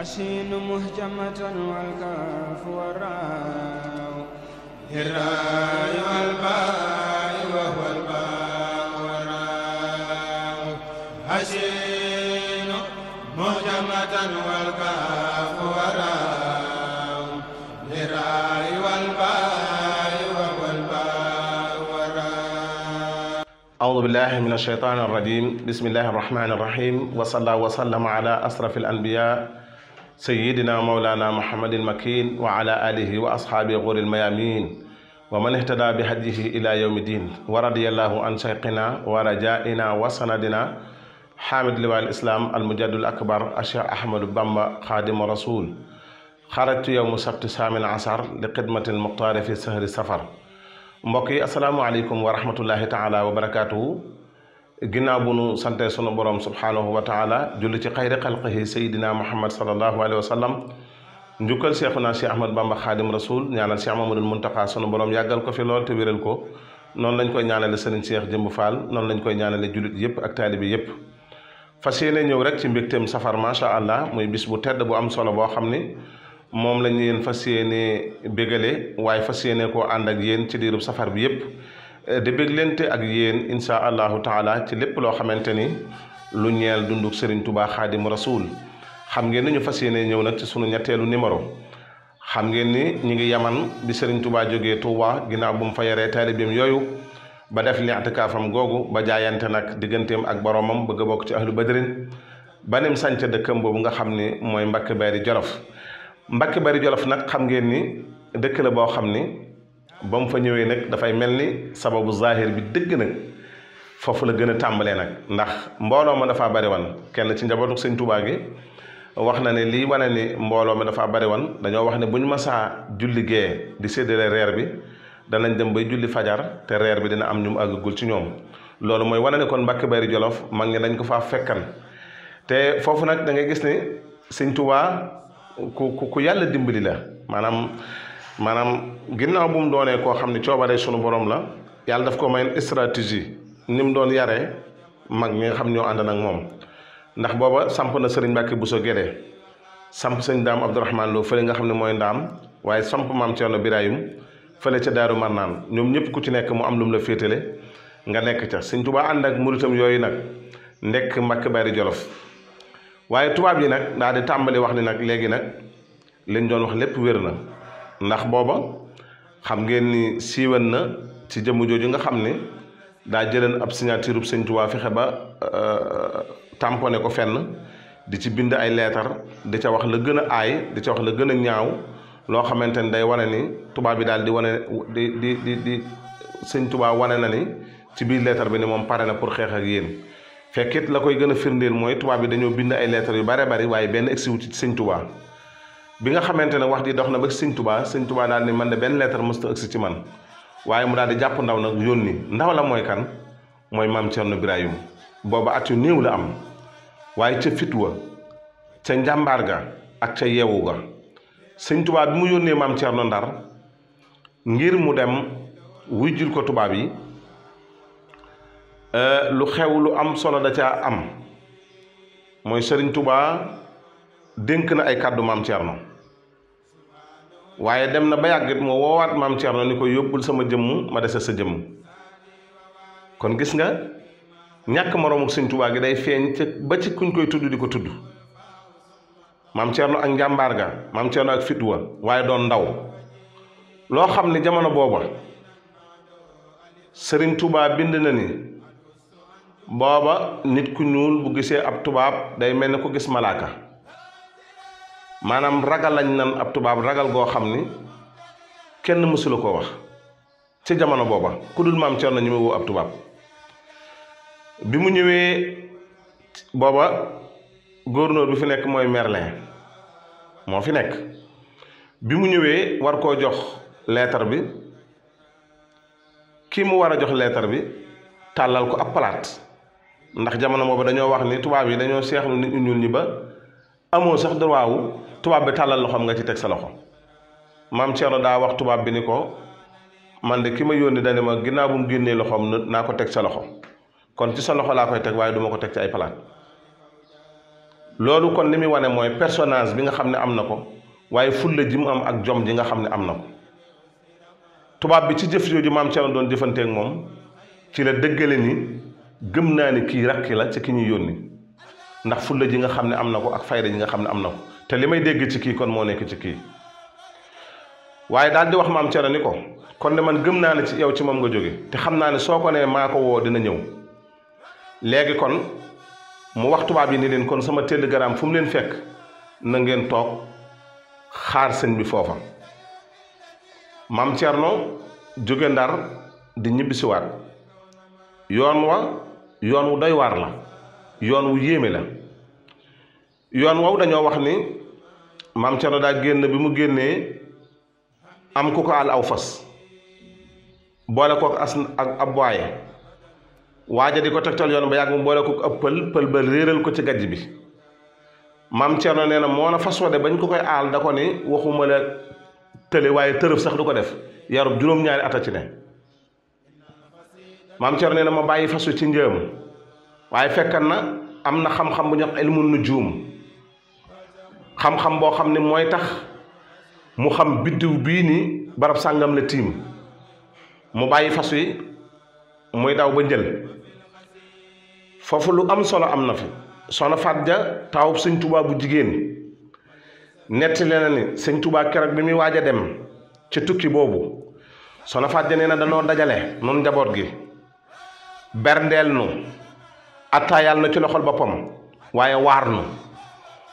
أشين مهجمة والكاف والراء الراء والباء وهو الباء والراء أشين مهجمة والكاف والراء الراء والباء وهو الباء والراء أعوذ بالله من الشيطان الرجيم بسم الله الرحمن الرحيم وصلى وسلم على أشرف الأنبياء sayidina mawlana muhammadin makin wa ala alihi wa ashaabi guril mayamin wa man ihtada bi hadihi ila yawmi din wa radiyallahu an shaykhina wa rajaina wa sanadina hamid liwal islam al mujaddul akbar cheikh ahmadu bamba xaadimu rasul xarajtu yowmu sabti saamin asar li xidmatil muxtaari fi sahri safar mbokk yi asalaamualeykum wa rahmatullahi taala wa barakatuhu ginnaaw bu nu sante sunu borom subhaanahu wa taala julli ci xayri xalqihi sayidina muhammad salallahu alayhi wa sallam njukkal seexuna cheikh ahmad bamba xaadim rasul ñaanal cheikh mamadul muntaqa sunu borom yàggal ko fi lool te wéral ko noonu lañ koy ñaanale sëriñ cheikh jëmb fall noonu lañ koy ñaanale jullit yépp ak taalibi yépp fas yéene ñëw rek ci mbégteem safar macha allah mooy bis bu tedd bu am solo boo xam ni moom lañ leen fas yéene bégale waaye fas yéene koo ànd ak yéen ci diirub safar bi yépp Eh, di lent ak yéen insha allahu taala ci lépp loo xamante ni lu ñeel dunduk Serigne Touba xaadim rasul xam ngeen ni ñu fas yéene ñëw nag ci sunu ñetteelu numéro xam ngeen ni ñu ngi yaman di Serigne Touba jógee Touba ginnaaw bu mu fa yaree taalibeem yooyu ba def li'tikaafam googu ba jaayante nag digganteem ak boromam bëgg a bokk ci ahlu badrin ba nim sànc dëkkam boobu nga xam ni mooy Mbacke Bari Jolof Mbacke Bari Jolof nag xam ngeen ni dëkk la boo xam ni. ba mu fa ñëwee nag dafay mel ni sababu zahir bi dëgg nag foofu la gën a tàmbalee nag ndax mbooloo ma dafa bari wan kenn ci njabootu sëñ Tuubaa gi wax na ne lii wane ni mbooloo mi dafa bari wan dañoo wax ne bu ñu masaa julli gee di séddale reer bi danañ dem bay julli fajar te reer bi dina am ñu mu àggagul ci ñoom loolu mooy wane ne kon Mbàkke Bari Jolof mag ñi dañ ko faa fekkan te foofu nag dangay gis ni sëñ Tuubaa ku ku ku yàlla dimbali la maanaam maanaam ginnaaw bu mu doonee koo xam ne coobare sunu borom la yàlla daf ko mayoon stratégie ni mu doon yare mag ñi nga xam ñoo ànd nag moom ndax booba samp na sëriñ bu soo Gédé samp sëñ daam Abdourahman Lo fële nga xam ne mooy ndaam waaye samp maam Cerno Birayim fële ca Daaru Marnaan ñoom ñëpp ku ci nekk mu am lu la féetale nga nekk ca sëñ tubaa ànd ak muritam yooyu nag ndekk Mbàkke Bari Jolof waaye tubaab yi nag daal di tàmbali wax ni nag léegi nag liñ doon wax lépp wér na ndax booba xam ngeen ni siiwan na ci jëmm jooju nga xam ni daa jëleen ab signature sëñtuwaa sëñ Tuubaa fexe ba euh, tamponné ko fenn di ci bind ay leetar di ca wax la gën a aay di ca wax la gën a ñaaw loo xamante ni day wane ni tubaab bi daal di wane di di di di sëñ Tuubaa wane na ni ci biir leetar bi ni moom pare na pour xeex ak yéen fekkit la koy gën a firndeel mooy tubaab bi dañoo bind ay leetar yu bare bari waaye benn egsiwu ci sëñtuwaa bi nga xamante ne wax di dox na ba sëñ tubaa sëñ tubaa daal ni man de benn lettre mësta agsi ci man waaye mu daal di jàpp ndaw nag yónni ndaw la mooy kan mooy maam Cerno Birahim booba at néew la am waaye ca fit ca njàmbaar ga ak ca yeewu ga sëñ tubaa bi mu yónnee Ndar ngir mu dem wuy jul ko tubaab yi euh, lu xew lu am solo da ca am mooy sëriñ tubaa dénk na ay kàddu maam Thierno waaye dem na ba yàggit mu woowaat maam Thierno ni ko yóbbul sama jëmm ma dese sa jëmm kon gis nga ñàkk moroomu Sëñ Tuubaa gi day feeñ ca ba ci kuñ koy tudd di ko tudd maam Thierno ak njàmbaar ga maam Thierno ak fitwa waaye doon ndaw loo xam ne jamono booba Sëriñ Tuubaa bind na ni booba nit ku ñuul bu gisee ab tubaab day mel ni ku gis malaaka maanaam ragal lañ nan ab tubaab ragal goo xam ni kenn mësula koo wax ci jamono booba ku dul maam Cerno ñu mu woo ab tubaab bi mu ñëwee booba góor gouverneur bi fi nekk mooy Merlin moo fi nekk bi mu ñëwee war koo jox leetar bi kii mu war a jox leetar bi tàllal ko ab palaat ndax jamono booba dañoo wax ni tubaab yi dañoo seexlu nit ñu ñuul ñi ba amoo sax droit wu tubaab bi tàllal loxoom nga ci teg sa loxo maam Thierno daa wax tubaab bi ni ko man de ki ma yónni dane ma ginnaaw bu mu génnee loxoom naa ko teg sa loxo kon ci sa loxo laa koy teg waaye du ko teg ci ay palaat loolu kon li muy wane mooy personnage bi nga xam ne am na ko waaye fulla ji mu am ak jom ji nga xam ne am na ko tubaab bi ci jëf jooju maam Thierno doon jëfanteek moom ci la dëggale ni gëm naa ni kii rakki la ci ki ñuy yónni ndax fulla ji nga xam ne am na ko ak fayda ji nga xam ne am na ko te li may dégg ci kii kon moo nekk ci kii waaye daal di wax maam Thierno ni ko kon de man gëm naa ne ci yow ci moom nga jóge te xam naa ne soo ko nee maa ko woo dina ñëw léegi kon mu wax tubaab yi ni leen kon sama télégramme fu mu leen fekk na ngeen toog xaar sëñ bi foofa maam Thierno jóge ndar di ñibbisiwaat yoon wa yoon wu doy waar la yoon wu yéeme la yoon wow dañoo wax ni maam Cerno daa génn bi mu génnee am ku ko àll aw fas boole kook as ak ab waaye waaja di ko tegtal yoon ba yàgg mu boole kook ab pël pël ba réeral ko ci gajj bi maam Cerno nee na moo na fas wa de bañ ko koy aal da ko ni waxuma tële waaye tërëf sax du ko def yarub juróom-ñaari at a ci ne maam Cerno nee na ma bàyyi fas ci njëm waaye fekkan na am na xam-xam bu ñuy wax ilmu nujuum xam-xam boo xam ne mooy tax mu xam biddiw bii ni barab sàngam la tiim mu bàyyi fas wi muy daw ba jël foofu lu am solo am na fi soxna Faat Ja taawub sëñ Tuubaa bu jigéen nettali na ni sëñ tubaa keroog bi muy waaj a dem ci tukki boobu soxna Faat Ja nee na danoo dajale nun njaboot gi berndeel nu attaayaal na ci loxol boppam waaye waar nu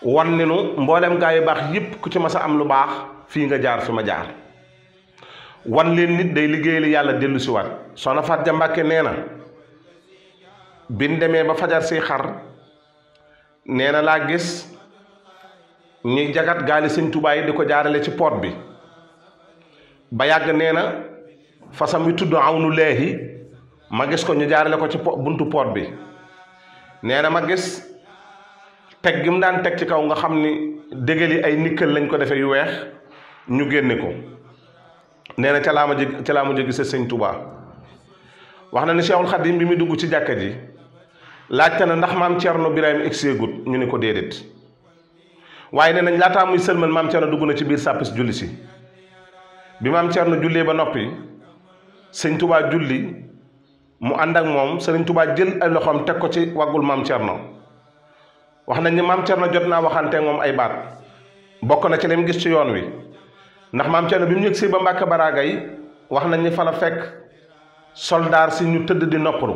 wan ni nu mboolem gaa yu baax yépp ku ci mas a am lu baax fii nga jaar fi ma jaar wan leen nit day liggéey yàlla dellu si waat soxna Faat Ja Mbàkke nee na biñ demee ba fajar si xar nee na laa gis ñuy jagat gaali sëñ di ko jaarale ci poot bi ba yàgg nee na fasam wi tudd aw nu leexi ma gis ko ñu jaarale ko ci buntu poot bi nee na ma gis teg gi mu daan teg ci kaw nga xam ni dégali ay nikkal lañ ko defee yu weex ñu génne ko nee na ca laa ma jë ca laa ma wax na ni Cheikhul Khadim bi muy dugg ci jàkka ji laajte na ndax maam no Birahim egseegut ñu ne ko déedéet waaye nee nañ laataa muy sëlmal maam Thierno dugg na ci biir sàppis julli si bi maam Thierno jullee ba noppi sëñ Touba julli mu ànd ak moom sëriñ tubaa jël ay loxoom teg ko ci waggul maam Thierno. wax nañ ni maam na jot naa waxante moom ay baat bokk na ci lim gis ci yoon wi ndax maam Thierno bi mu yëg si ba Mbàkke Baraaga yi wax nañ ni fa la fekk soldaar si ñu tëdd di noppalu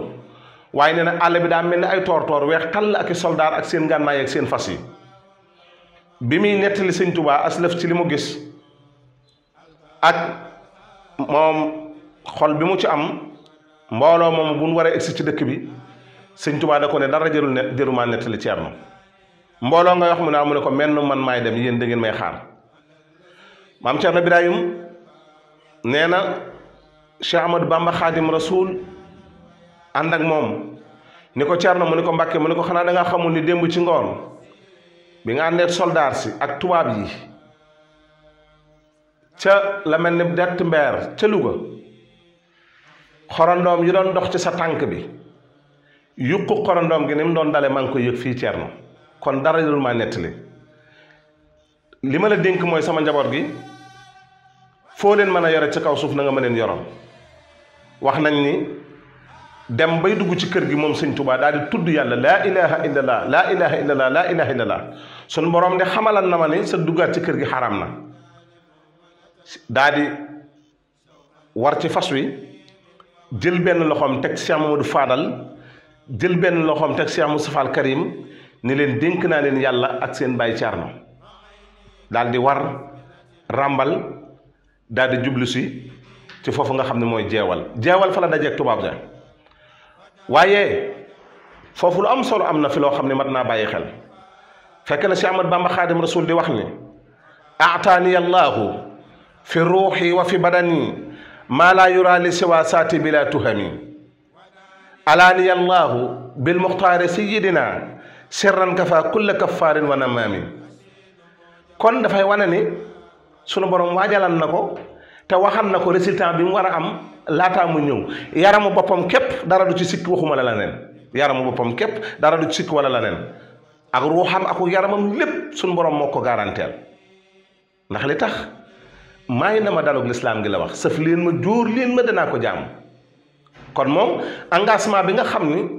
waaye nee na àll bi daa mel ni ay toor-toor weex tàll ak i soldaar ak seen gànnaay ak seen fas yi bi muy nettali sëñ Tuubaa aslëf ci li mu gis ak moom xol bi mu ci am mbooloo moom bu nu waree egsi ci dëkk bi sëñ Tuubaa da ko ne dara jërul ne jërumaa nettali Ceerno mbooloo nga wax mu ne ah mu ne ko menn man maay dem yéen da ngeen may xaar maam na Birahim nee na Cheikh Ahmadou Bamba Xaadim Rasoul ànd ak moom ni ko Cerno mu ne ko Mbàkke mu ne ko xanaa da nga xamul ni démb ci ngoon bi nga àndeet soldaar si ak tubaab yi ca la mel ni dett mbeer ca Louga xorondoom yi doon dox ci sa tànk bi yuqu xorandoom gi ni mu doon dale maa ngi ko yëg fii Cerno kon dara dul ma nettali li ma la dénk mooy sama njaboot gi foo leen mën a yore ci kaw suuf na nga ma leen yoral wax nañ ni dem bay dugg ci kër gi moom sëñ Tuubaa daal di tudd yàlla laa ilaha illallah laa ilaha illallah laa ilaha illallah sunu borom de xamalal na ma ni sa duggaat ci kër gi xaraam na daa war ci fas wi jël benn loxoom teg Cheikh Mamadou Fadal jël benn loxoom teg Cheikh Moustapha Al Karim ni leen dénk naa leen yàlla ak seen baay Thierno daal di war ràmbal daal di jublu si ci foofu nga xam ne mooy jeewal jeewal fa la dajeeg tubaab ja waaye foofu lu am solo am na fi loo xam ne mat naa bàyyi xel fekk na si Ahmad Bamba Xaadim Rasul di wax ni aataani allahu fi ruuxi wa fi badani maa laa yuraa li saati bila tuhami alaani allahu bil serran kafa kulla kaffaarin wa namaamin kon dafay wane ni sunu borom waajalan na ko te waxan na ko résultat bi mu war a am laataa mu ñëw yaramu boppam képp dara du ci sikk waxuma la leneen yaramu boppam képp dara du ci sikk wala leneen ak ruuxam ak yaramam lépp sunu borom moo ko garanteel ndax li tax may na ma dalug lislaam gi la wax sëf leen ma jóor leen ma danaa ko jàmm kon moom engagement bi nga xam ni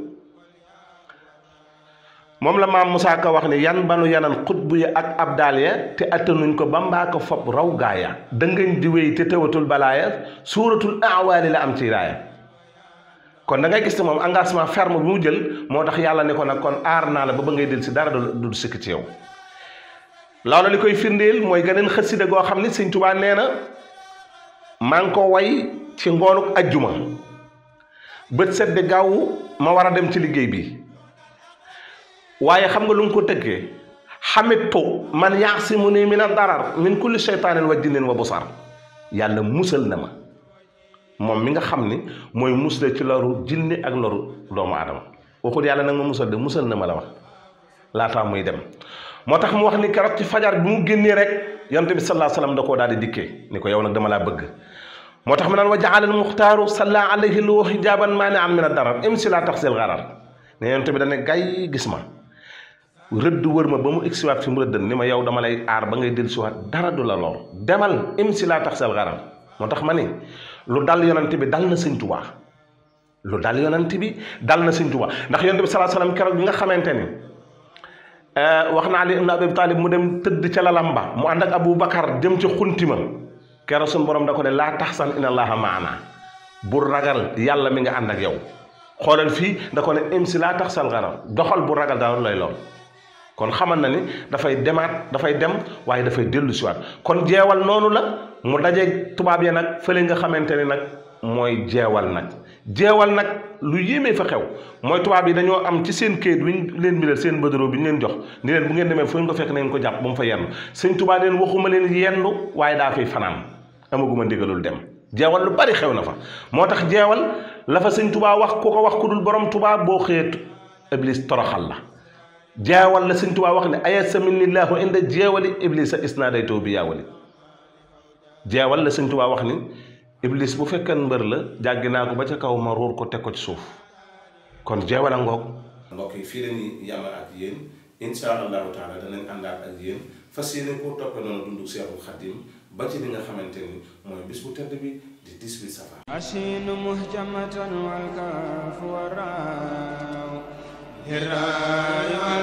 moom la maam Moussa ko wax ne yan banu yanan xutbu ya ak abdaal ya te atte attanuñ ko ba mbaa ko fob raw ya dëngañ di wéy te tawatul balaaya suuratul awaali la am ci raaya kon da gis ne moom engagement ferme bi mu jël moo tax yàlla ne ko nag kon aar naa la ba ba ngay del si dara du sikk ci yow loolu li koy firndeel mooy geneen xasida goo xam ne Sëñ Tuubaa nee na maa ngi ko way ci ngoonuk ajjuma bët set di gaaw ma war a dem ci liggéey bi waaye xam nga lu mu ko tëggee xamittu man yaasimuni min a darar min kulli shaytaanin wa jinnin wa busar yàlla musal na ma moom mi nga xam ni mooy musle ci loru jinne ak loru doomu aadama waxul yàlla nag ma musal de musal na ma la wax laataa muy dem moo tax mu wax ni keroog ci fajar bi mu génnee rek yonent bi sallallahu alayhi wasallam da koo daal di dikkee ni ko yow nag dama laa bëgg moo tax mu naan wa jaala al muxtaaru salla alayhi lu hijaaban maani'an min ad-darar imsi laa taxsil gharar ne yonent bi dañ ne gis ma rëdd wër ma ba mu egsiwaat fi mu rëddan ni ma yow dama lay aar ba ngay dellusiwaat dara du la lor demal im laa tax sal garam moo tax ma ne lu dal yonent bi dal na sëñ Tuubaa lu dal yonent bi dal na sëñ Tuubaa ndax yonent bi sallallahu alayhi bi nga xamante ni eh, wax na Ali ibn Abi Talib mu dem tëdd ca lalam mu ànd ak Abu Bakar jëm ci xunti ma keroog suñu borom da ko ne laa taxsan inna allaha maana bu ragal yàlla mi nga ànd ak yow xoolal fii da ko ne imsi laa taxsal garam doxal bu ragal daal lay lool kon xamal na ni dafay demaat dafay dem waaye dafay dellu siwaat kon jeewal noonu la mu daje tubaab ya nag fële nga xamante ni nag mooy jeewal nag jeewal nag lu yéemee fa xew mooy tubaab yi dañoo am ci seen kayit wi ñu leen bindal seen bëdëroo bi ñu leen jox ni leen bu ngeen demee foo ñu ko fekk nañ ko jàpp ba mu fa yendu sëñ tubaa leen waxuma leen yendu waaye daa fay fanaan amaguma ndigalul dem jeewal lu bari xew na fa moo tax jeewal lafa fa sëñ tubaa wax ko wax ku dul borom tubaa boo xëyee iblis toroxal la jeewal la sëñ Tuubaa wax ne aya saminillahu inda jeewali iblis a isnaaday taw bi yaawali jeewal la sëñ wax ni iblis bu fekkan mbër la jàggi naa ko ba ca kaw ma ruur ko teg ko ci suuf kon jeewal a ngoog mbokk yi fii lañuy yàlla ak yéen insha allahu taala danañ àndaat ak yéen fas yéene koo toppe noonu dundu Seexul Xadiim ba ci li nga xamante ni mooy bis bu tedd bi di 18 safar ashinu muhjamatan wal kaaf waraaw